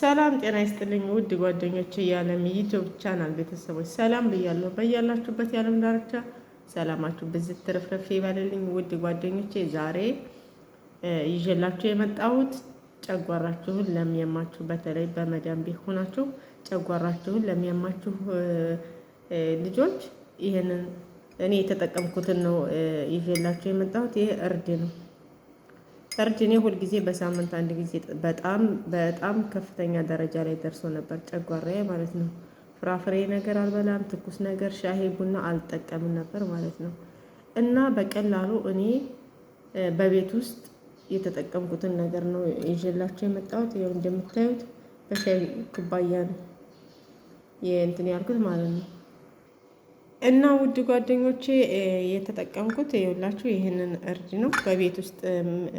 ሰላም ጤና ይስጥልኝ ውድ ጓደኞች፣ የዓለም ዩቱብ ቻናል ቤተሰቦች ሰላም ብያለሁ። በያላችሁበት የዓለም ዳርቻ ሰላማችሁ ብዝት ትረፍረፍ ይበልልኝ። ውድ ጓደኞቼ ዛሬ ይዤላችሁ የመጣሁት ጨጓራችሁን ለሚያማችሁ በተለይ በመዳም ቢሆናችሁ ጨጓራችሁን ለሚያማችሁ ልጆች ይህንን እኔ የተጠቀምኩትን ነው ይዤላችሁ የመጣሁት። ይሄ እርድ ነው። እርድ እኔ ሁልጊዜ በሳምንት አንድ ጊዜ በጣም በጣም ከፍተኛ ደረጃ ላይ ደርሶ ነበር፣ ጨጓራዬ ማለት ነው። ፍራፍሬ ነገር አልበላም፣ ትኩስ ነገር ሻሄ፣ ቡና አልጠቀምም ነበር ማለት ነው። እና በቀላሉ እኔ በቤት ውስጥ የተጠቀምኩትን ነገር ነው ይዤላቸው የመጣሁት። ያው እንደምታዩት በሻይ ኩባያ ነው የእንትን ያልኩት ማለት ነው። እና ውድ ጓደኞቼ የተጠቀምኩት የሁላችሁ ይህንን እርድ ነው። በቤት ውስጥ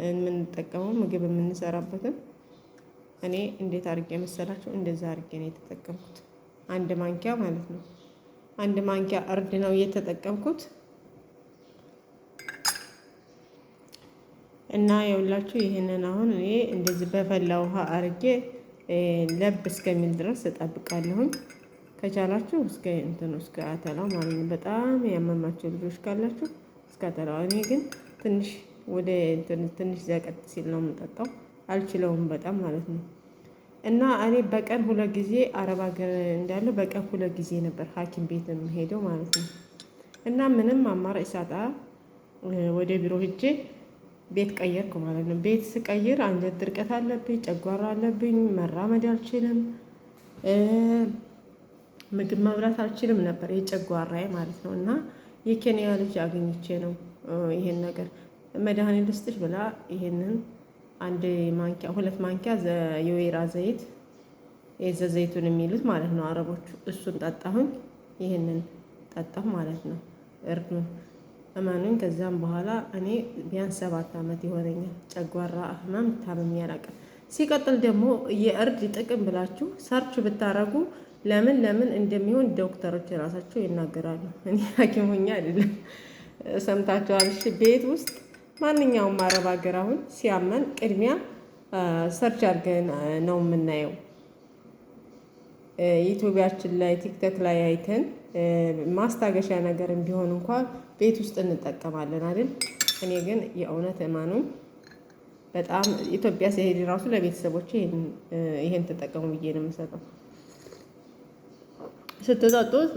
የምንጠቀመው ምግብ የምንሰራበትም እኔ እንዴት አድርጌ መሰላችሁ? እንደዛ አድርጌ ነው የተጠቀምኩት። አንድ ማንኪያ ማለት ነው። አንድ ማንኪያ እርድ ነው የተጠቀምኩት እና የሁላችሁ ይህንን አሁን እኔ እንደዚህ በፈላ ውሃ አድርጌ ለብ እስከሚል ድረስ እጠብቃለሁኝ። ከቻላችሁ እስከ እንትን እስከ አተላው ማለት ነው። በጣም ያመማቸው ልጆች ካላችሁ እስከ አተላው። እኔ ግን ትንሽ ወደ ትንሽ ዘቀጥ ሲል ነው የምጠጣው፣ አልችለውም በጣም ማለት ነው። እና እኔ በቀን ሁለት ጊዜ አረብ ሀገር እንዳለ በቀን ሁለት ጊዜ ነበር ሐኪም ቤት የምሄደው ማለት ነው። እና ምንም አማራጭ ሳጣ ወደ ቢሮ ሄጄ ቤት ቀየርኩ ማለት ነው። ቤት ስቀይር አንጀት ድርቀት አለብኝ፣ ጨጓራ አለብኝ፣ መራመድ አልችልም። ምግብ መብላት አልችልም ነበር የጨጓራዬ ማለት ነው። እና የኬንያ ልጅ አግኝቼ ነው ይሄን ነገር መድኃኒት ልስጥሽ ብላ ይሄንን አንድ ማንኪያ ሁለት ማንኪያ የወይራ ዘይት የዘ ዘይቱን የሚሉት ማለት ነው አረቦቹ። እሱን ጠጣሁኝ፣ ይህንን ጠጣሁ ማለት ነው እርዱን፣ እመኑኝ። ከዚያም በኋላ እኔ ቢያንስ ሰባት ዓመት የሆነኛል ጨጓራ ህመም ታመም ያላቀ ሲቀጥል ደግሞ የእርድ ጥቅም ብላችሁ ሰርች ብታረጉ ለምን ለምን እንደሚሆን ዶክተሮች ራሳቸው ይናገራሉ። እኔ ሐኪም ሆኜ አይደለም። ሰምታችኋል። እሺ ቤት ውስጥ ማንኛውም አረብ ሀገር አሁን ሲያመን ቅድሚያ ሰርች አድርገን ነው የምናየው። ኢትዮጵያችን ላይ ቲክቶክ ላይ አይተን ማስታገሻ ነገር ቢሆን እንኳ ቤት ውስጥ እንጠቀማለን አይደል? እኔ ግን የእውነት እማኑ በጣም ኢትዮጵያ ሲሄድ ራሱ ለቤተሰቦች ይሄን ተጠቀሙ ብዬ ነው የምሰጠው። ስትጠጡት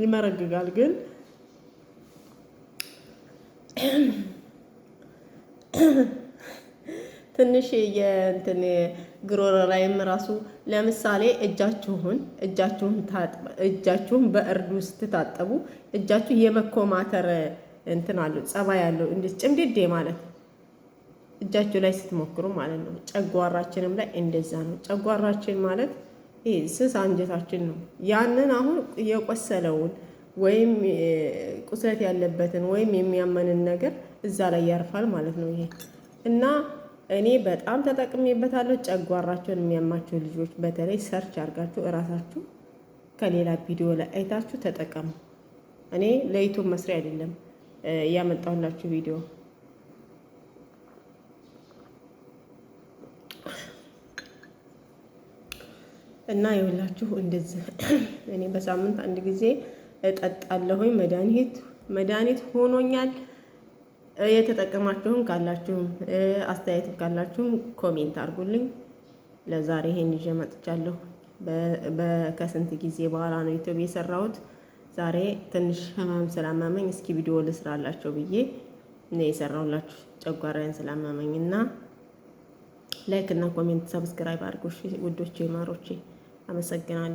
ይመረግጋል። ግን ትንሽ የእንትን ግሮሮ ላይም ራሱ ለምሳሌ እጃችሁን እጃችሁን እጃችሁን በእርድ ውስጥ ትታጠቡ እጃችሁ የመኮማተር እንትን አለው ጸባይ አለው እንዴት ጭምድዴ ማለት እጃችሁ ላይ ስትሞክሩ ማለት ነው። ጨጓራችንም ላይ እንደዛ ነው። ጨጓራችን ማለት ስስ አንጀታችን ነው። ያንን አሁን የቆሰለውን ወይም ቁስለት ያለበትን ወይም የሚያመንን ነገር እዛ ላይ ያርፋል ማለት ነው። ይሄ እና እኔ በጣም ተጠቅሜበታለሁ። ጨጓራቸውን የሚያማቸው ልጆች በተለይ ሰርች አድርጋችሁ እራሳችሁ ከሌላ ቪዲዮ ላይ አይታችሁ ተጠቀሙ። እኔ ለዩቱብ መስሪያ አይደለም እያመጣሁላችሁ ቪዲዮ እና የሁላችሁ እንደዚህ እኔ በሳምንት አንድ ጊዜ እጠጣለሁኝ። መድኃኒት መድኃኒት ሆኖኛል። የተጠቀማችሁም ካላችሁም አስተያየትም ካላችሁም ኮሜንት አድርጉልኝ። ለዛሬ ይሄን ይዤ መጥቻለሁ። ከስንት ጊዜ በኋላ ነው ዩቲዩብ የሰራሁት። ዛሬ ትንሽ ህመም ስላመመኝ እስኪ ቪዲዮ ልስራላቸው ብዬ ነው የሰራሁላችሁ። ጨጓራዬን ስላመመኝ እና ላይክ እና ኮሜንት ሰብስክራይብ አድርጎ ውዶቼ ማሮቼ አመሰግናለሁ።